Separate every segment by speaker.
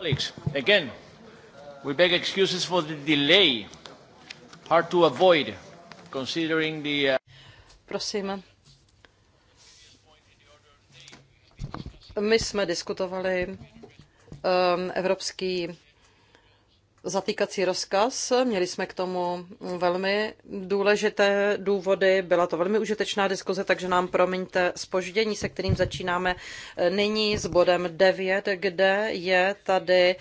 Speaker 1: Colleagues, again, we beg excuses for the delay. Hard to avoid, considering the... Uh, Prosím.
Speaker 2: My jsme diskutovali um, evropský zatýkací rozkaz. Měli jsme k tomu velmi důležité důvody. Byla to velmi užitečná diskuze, takže nám promiňte spoždění, se kterým začínáme nyní s bodem 9, kde je tady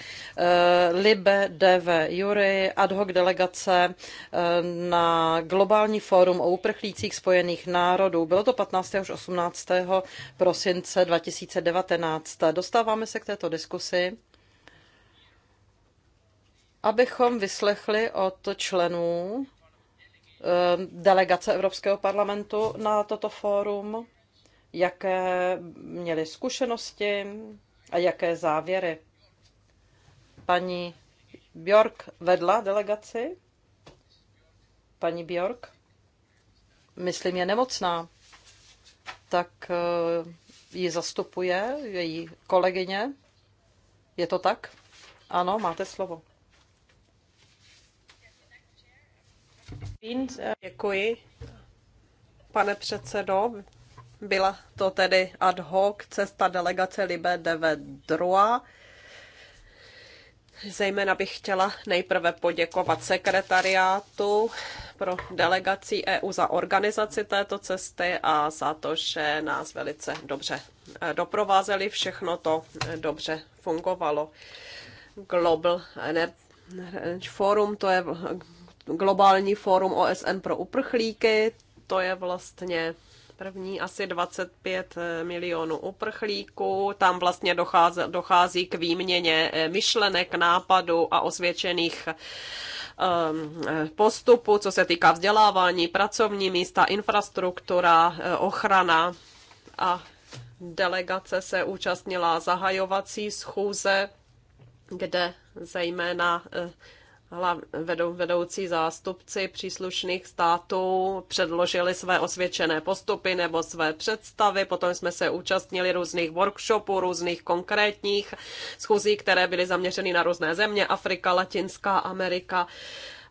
Speaker 2: uh, Libe DV Jury, ad hoc delegace uh, na globální fórum o uprchlících spojených národů. Bylo to 15. až 18. prosince 2019. Dostáváme se k této diskusi abychom vyslechli od členů eh, delegace Evropského parlamentu na toto fórum, jaké měly zkušenosti a jaké závěry. Paní Bjork vedla delegaci. Paní Bjork, myslím, je nemocná, tak eh, ji zastupuje její kolegyně. Je to tak? Ano, máte slovo. Děkuji. Pane předsedo,
Speaker 3: byla to tedy ad hoc cesta delegace Libé Deve Drua. Zejména bych chtěla nejprve poděkovat sekretariátu pro delegaci EU za organizaci této cesty a za to, že nás velice dobře eh, doprovázeli. Všechno to eh, dobře fungovalo. Global Energy Forum, to je globální fórum OSN pro uprchlíky. To je vlastně první asi 25 eh, milionů uprchlíků. Tam vlastně dochází, dochází k výměně eh, myšlenek, nápadů a osvědčených ehm, eh, postupu, co se týká vzdělávání, pracovní místa, infrastruktura, ochrana a delegace se účastnila zahajovací schůze, kde zejména vedoucí zástupci příslušných států předložili své osvědčené postupy nebo své představy. Potom jsme se účastnili různých workshopů, různých konkrétních schůzí, které byly zaměřeny na různé země, Afrika, Latinská Amerika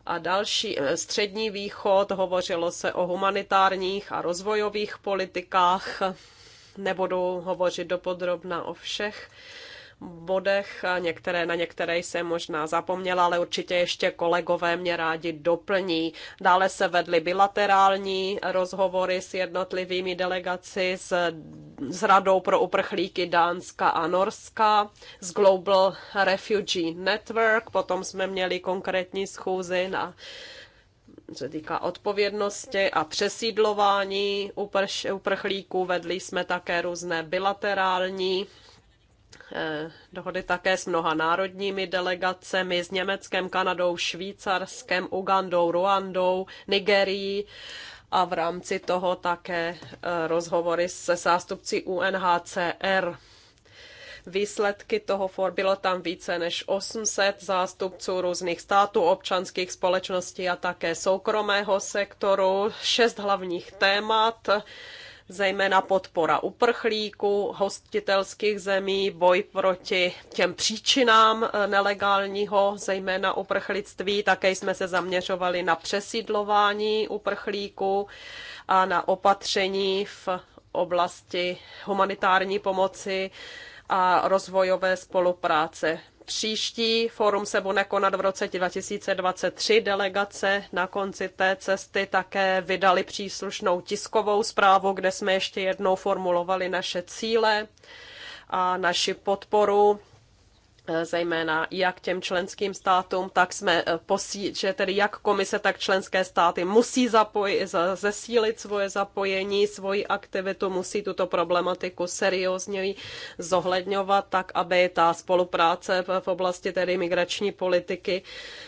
Speaker 3: a další eh, střední východ. Hovořilo se o humanitárních a rozvojových politikách. Nebudu hovořit dopodrobna o všech bodech. Některé, na některé jsem možná zapomněla, ale určitě ještě kolegové mě rádi doplní. Dále se vedly bilaterální rozhovory s jednotlivými delegaci, s, s Radou pro uprchlíky Dánska a Norska, s Global Refugee Network, potom jsme měli konkrétní schůzy na se týká odpovědnosti a přesídlování uprchlíků, vedli jsme také různé bilaterální Eh, dohody také s mnoha národními delegacemi, s Německem, Kanadou, Švýcarskem, Ugandou, Ruandou, Nigerií a v rámci toho také eh, rozhovory se zástupci UNHCR. Výsledky toho for bylo tam více než 800 zástupců různých států, občanských společností a také soukromého sektoru. Šest hlavních témat zejména podpora uprchlíků, hostitelských zemí, boj proti těm příčinám eh, nelegálního, zejména uprchlictví. Také jsme se zaměřovali na přesídlování uprchlíků a na opatření v oblasti humanitární pomoci a rozvojové spolupráce. Příští fórum se bude konat v roce 2023. Delegace na konci té cesty také vydali příslušnou tiskovou zprávu, kde jsme ještě jednou formulovali naše cíle a naši podporu zejména jak těm členským státům, tak jsme eh, posí, že tedy jak komise, tak členské státy musí zapoj, zesílit svoje zapojení, svoji aktivitu, musí tuto problematiku seriózně zohledňovat, tak aby ta spolupráce v oblasti tedy migrační politiky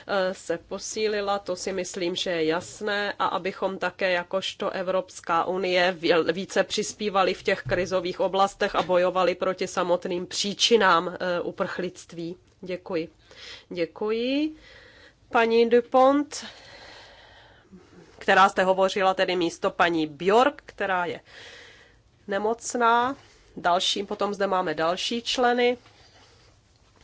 Speaker 3: eh, se posílila, to si myslím, že je jasné a abychom také jakožto Evropská unie více přispívali v těch krizových oblastech a bojovali proti samotným příčinám eh, uprchlictví vítězství. Děkuji. Děkuji. Paní Dupont, která jste hovořila tedy místo paní Bjork, která je nemocná. Dalším, potom zde máme další členy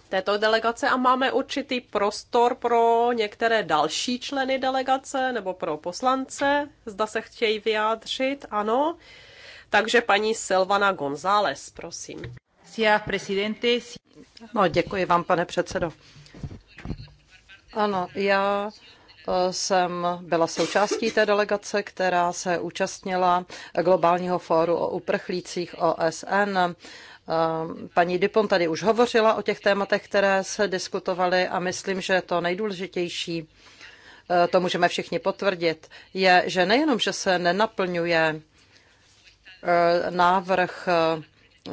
Speaker 3: této delegace a máme určitý prostor pro některé další členy delegace nebo pro poslance, zda se chtějí vyjádřit, ano. Takže paní Silvana González, prosím.
Speaker 2: No, děkuji vám, pane předsedo. Ano, já eh, jsem byla součástí té delegace, která se účastnila globálního fóru o uprchlících OSN. Eh, paní Dipon tady už hovořila o těch tématech, které se diskutovaly a myslím, že to nejdůležitější, eh, to můžeme všichni potvrdit, je, že nejenom, že se nenaplňuje návrh Eh,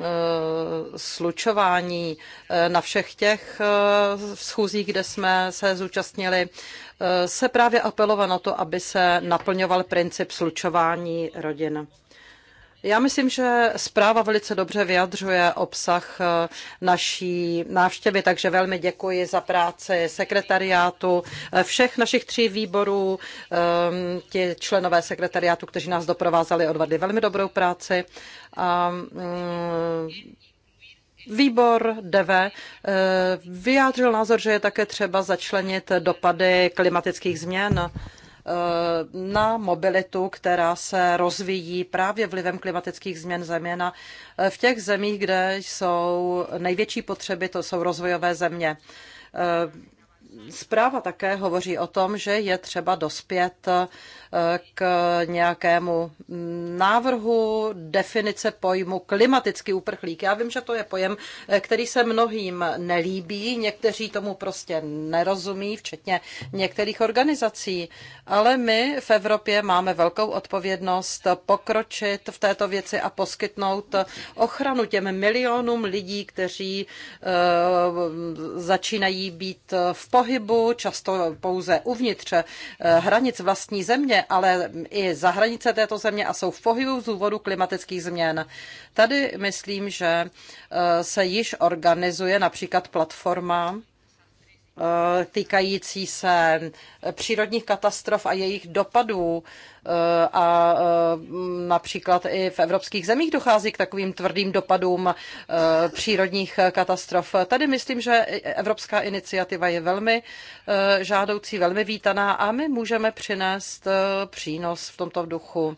Speaker 2: slučování eh, na všech těch eh, schůzích, kde jsme se zúčastnili, se právě apelovalo na to, aby se naplňoval princip slučování rodin. Já myslím, že zpráva velice dobře vyjadřuje obsah eh, naší návštěvy, takže velmi děkuji za práci sekretariátu eh, všech našich tří výborů, ehm, ti členové sekretariátu, kteří nás doprovázeli, odvedli velmi dobrou práci. A, mm, Výbor DEVE eh, vyjádřil názor, že je také třeba začlenit dopady klimatických změn na mobilitu, která se rozvíjí právě vlivem klimatických změn, zeměna v těch zemích, kde jsou největší potřeby, to jsou rozvojové země Zpráva také hovoří o tom, že je třeba dospět eh, k nějakému návrhu definice pojmu klimatický uprchlík. Já vím, že to je pojem, eh, který se mnohým nelíbí, někteří tomu prostě nerozumí, včetně některých organizací, ale my v Evropě máme velkou odpovědnost pokročit v této věci a poskytnout ochranu těm milionům lidí, kteří eh, začínají být v pohodě pohybu, často pouze uvnitř eh, hranic vlastní země, ale i za hranice této země a jsou v pohybu z důvodu klimatických změn. Tady myslím, že eh, se již organizuje například platforma Eh, týkající se přírodních katastrof a jejich dopadů. Eh, a eh, například i v evropských zemích dochází k takovým tvrdým dopadům přírodních katastrof. Tady myslím, že evropská iniciativa je velmi žádoucí, velmi vítaná a my můžeme přinést přínos v tomto duchu.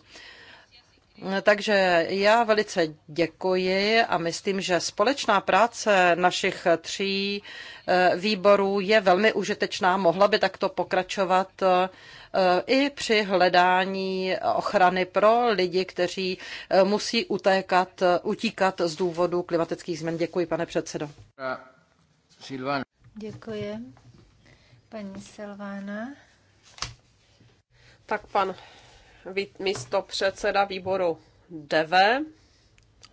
Speaker 2: Takže já velice děkuji a myslím, že společná práce našich tří eh, výborů je velmi užitečná. Mohla by takto pokračovat eh, i při hledání ochrany pro lidi, kteří eh, musí utékat, utíkat z důvodu klimatických změn. Děkuji, pane předsedo.
Speaker 1: Děkuji. Paní Silvána.
Speaker 3: Tak pan místo předseda výboru DV.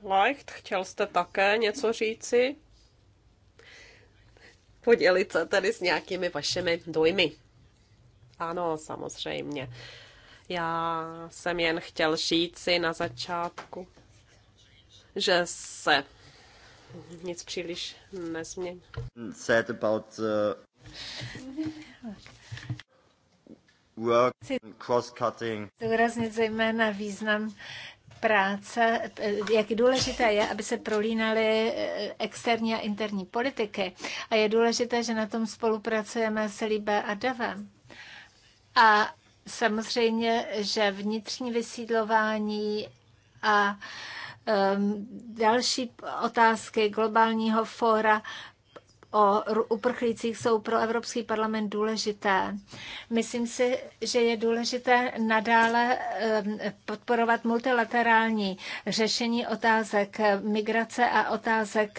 Speaker 3: Leicht, chtěl jste také něco říci? Podělit se tedy s nějakými vašimi dojmy. Ano, samozřejmě. Já jsem jen chtěl říci na začátku, že se nic příliš nezmění.
Speaker 2: Said about the... Uh, work cross-cutting.
Speaker 1: Zdůraznit zejména význam práce, jak důležité je, aby se prolínaly eh, externí a interní politiky. A je důležité, že na tom spolupracujeme s Libé a Davem. A samozřejmě, že vnitřní vysídlování a um, další otázky globálního fóra o uprchlících jsou pro Evropský parlament důležité. Myslím si, že je důležité nadále podporovat multilaterální řešení otázek migrace a otázek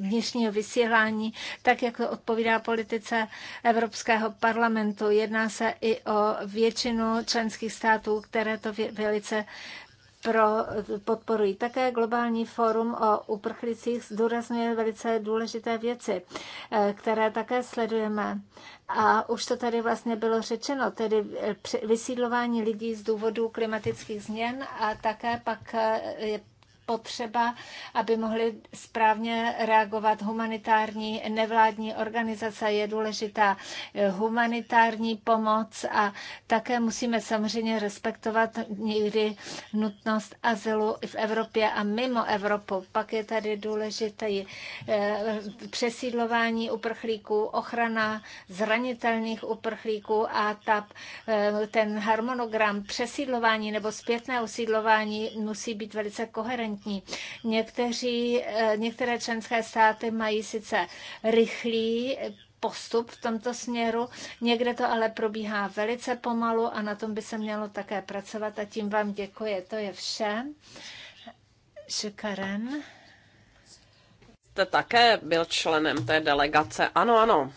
Speaker 1: vnitřního vysílání, tak jak to odpovídá politice Evropského parlamentu. Jedná se i o většinu členských států, které to velice pro, podporují. Také globální fórum o uprchlicích zdůrazňuje velice důležité věci, eh, které také sledujeme. A už to tady vlastně bylo řečeno, tedy eh, vysídlování lidí z důvodu klimatických změn a také pak eh, potřeba, aby mohly správně reagovat humanitární nevládní organizace. Je důležitá eh, humanitární pomoc a také musíme samozřejmě respektovat někdy nutnost azylu v Evropě a mimo Evropu. Pak je tady důležité eh, přesídlování uprchlíků, ochrana zranitelných uprchlíků a ta, eh, ten harmonogram přesídlování nebo zpětné usídlování musí být velice koherentní transparentní. Někteří, eh, některé členské státy mají sice rychlý postup v tomto směru. Někde to ale probíhá velice pomalu a na tom by se mělo také pracovat a tím vám děkuji. To je vše. Šikaren.
Speaker 3: Jste také byl členem té delegace. Ano, ano.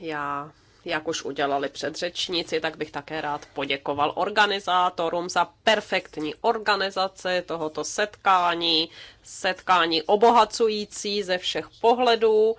Speaker 3: Já jak už udělali předřečníci, tak bych také rád poděkoval organizátorům za perfektní organizaci tohoto setkání, setkání obohacující ze všech pohledů.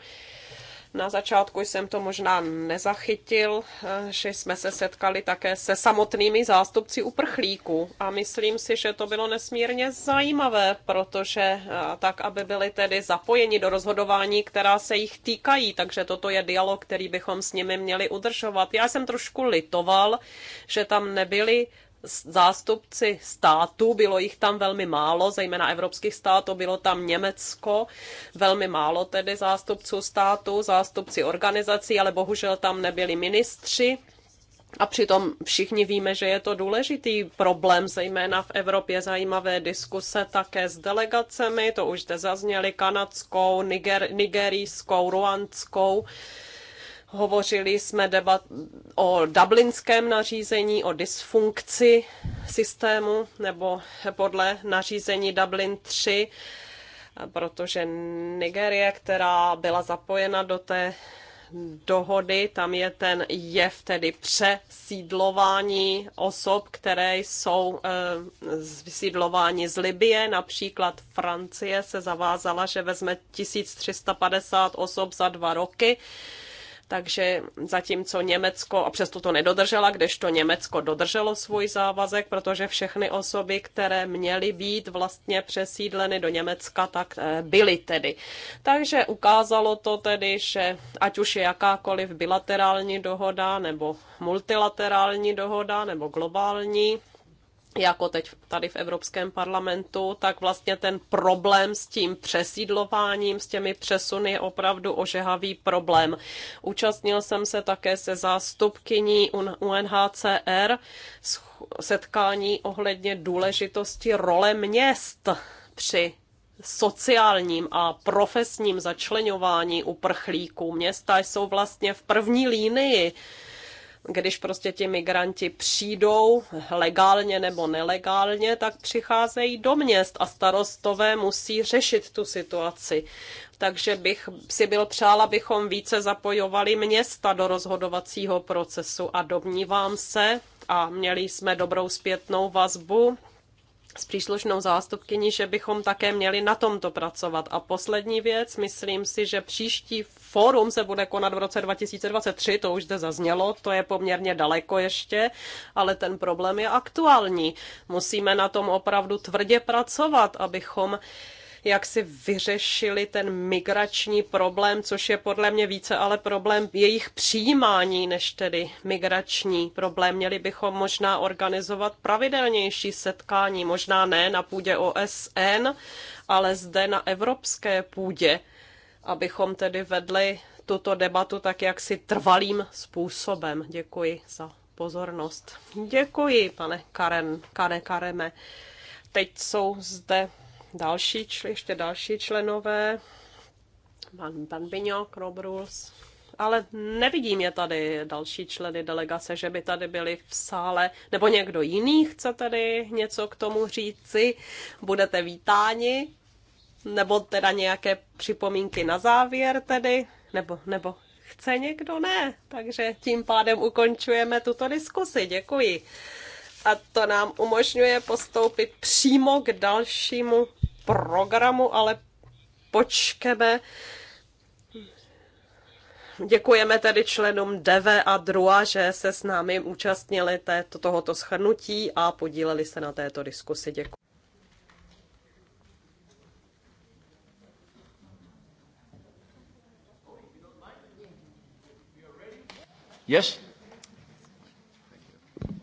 Speaker 3: Na začátku jsem to možná nezachytil, eh, že jsme se setkali také se samotnými zástupci uprchlíků a myslím si, že to bylo nesmírně zajímavé, protože eh, tak, aby byli tedy zapojeni do rozhodování, která se jich týkají, takže toto je dialog, který bychom s nimi měli udržovat. Já jsem trošku litoval, že tam nebyli zástupci států, bylo jich tam velmi málo, zejména evropských států, bylo tam Německo, velmi málo tedy zástupců států, zástupci organizací, ale bohužel tam nebyli ministři. A přitom všichni víme, že je to důležitý problém, zejména v Evropě zajímavé diskuse také s delegacemi, to už zde zazněly, kanadskou, niger, nigerijskou, ruandskou Hovořili jsme debat o dublinském nařízení, o dysfunkci systému nebo podle nařízení Dublin 3, protože Nigerie, která byla zapojena do té dohody, tam je ten jev tedy přesídlování osob, které jsou eh, vysídlováni z Libie. Například Francie se zavázala, že vezme 1350 osob za dva roky takže zatímco Německo, a přesto to nedodržela, kdežto Německo dodrželo svůj závazek, protože všechny osoby, které měly být vlastně přesídleny do Německa, tak eh, byly tedy. Takže ukázalo to tedy, že ať už je jakákoliv bilaterální dohoda, nebo multilaterální dohoda, nebo globální, jako teď tady v Evropském parlamentu, tak vlastně ten problém s tím přesídlováním, s těmi přesuny je opravdu ožehavý problém. Účastnil jsem se také se zástupkyní UNHCR setkání ohledně důležitosti role měst při sociálním a profesním začlenování uprchlíků. Města jsou vlastně v první línii když prostě ti migranti přijdou legálně nebo nelegálně, tak přicházejí do měst a starostové musí řešit tu situaci. Takže bych si byl přál, abychom více zapojovali města do rozhodovacího procesu a domnívám se, a měli jsme dobrou zpětnou vazbu s příslušnou zástupkyní, že bychom také měli na tomto pracovat. A poslední věc, myslím si, že příští fórum se bude konat v roce 2023, to už zde zaznělo, to je poměrně daleko ještě, ale ten problém je aktuální. Musíme na tom opravdu tvrdě pracovat, abychom jak si vyřešili ten migrační problém, což je podle mě více ale problém jejich přijímání než tedy migrační problém. Měli bychom možná organizovat pravidelnější setkání, možná ne na půdě OSN, ale zde na evropské půdě, abychom tedy vedli tuto debatu tak jaksi trvalým způsobem. Děkuji za pozornost. Děkuji, pane Karen, Kane Kareme. Teď jsou zde další, ještě další členové, pan, pan Biňo, Krobruls, ale nevidím je tady další členy delegace, že by tady byli v sále, nebo někdo jiný chce tady něco k tomu říci, budete vítáni, nebo teda nějaké připomínky na závěr tedy, nebo, nebo chce někdo ne, takže tím pádem ukončujeme tuto diskusi, děkuji. A to nám umožňuje postoupit přímo k dalšímu programu, ale počkeme. Děkujeme tedy členům DEVE a DRUA, že se s námi účastnili této, tohoto schrnutí a podíleli se na této diskusi. Děkuji.
Speaker 1: Yes?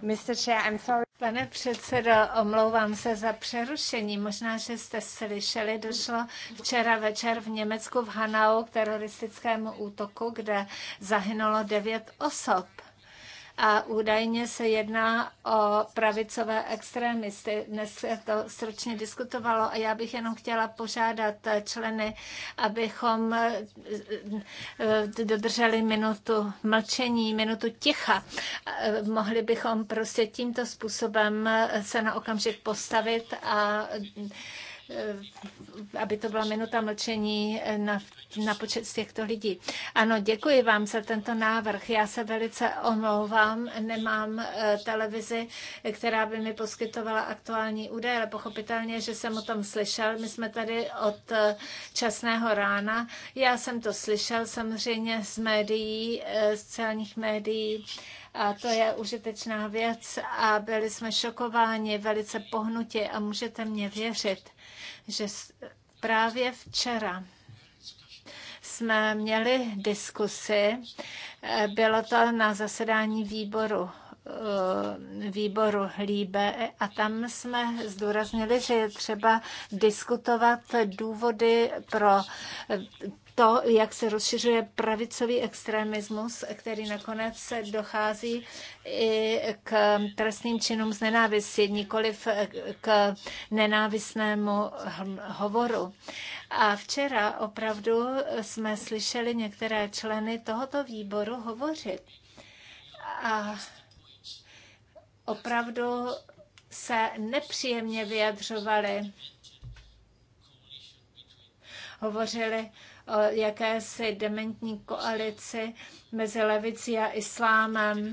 Speaker 1: Mr. Chair, I'm sorry. Pane předsedo, omlouvám se za přerušení. Možná, že jste slyšeli, došlo včera večer v Německu v Hanau k teroristickému útoku, kde zahynulo devět osob a údajně se jedná o pravicové extrémisty. Dnes se to stručně diskutovalo a já bych jenom chtěla požádat členy, abychom eh, eh, dodrželi minutu mlčení, minutu ticha. Eh, mohli bychom prostě tímto způsobem se na okamžik postavit a Eh, aby to byla minuta mlčení eh, na, na počet z těchto lidí. Ano, děkuji vám za tento návrh. Já se velice omlouvám, nemám eh, televizi, která by mi poskytovala aktuální údaje, ale pochopitelně, že jsem o tom slyšel. My jsme tady od časného rána. Já jsem to slyšel samozřejmě z médií, z celních médií a to je užitečná věc a byli jsme šokováni, velice pohnutě a můžete mě věřit, že právě včera jsme měli diskusy, bylo to na zasedání výboru eh, výboru Líbe a tam jsme zdůraznili, že je třeba diskutovat důvody pro to, jak se rozšiřuje pravicový extremismus, který nakonec dochází i k trestným činům z nenávisti, nikoliv k nenávisnému hm, hovoru. A včera opravdu jsme slyšeli některé členy tohoto výboru hovořit. A opravdu se nepříjemně vyjadřovali. Hovořili Eh, jakési dementní koalici mezi levicí a islámem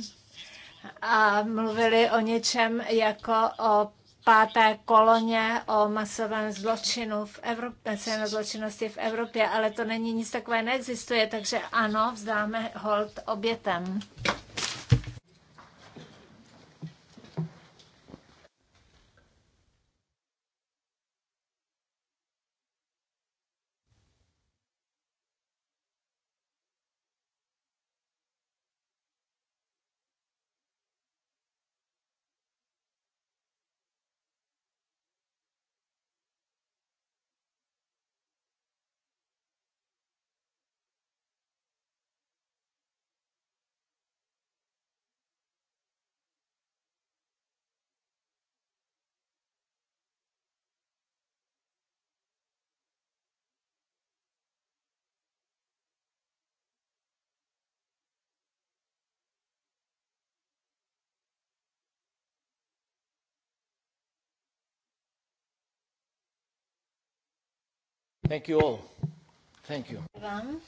Speaker 1: a mluvili o něčem jako o páté koloně o masovém zločinu v Evropě, zločinnosti v Evropě, ale to není nic takové, neexistuje, takže ano, vzdáme hold obětem. Thank you all. Thank you. Vám.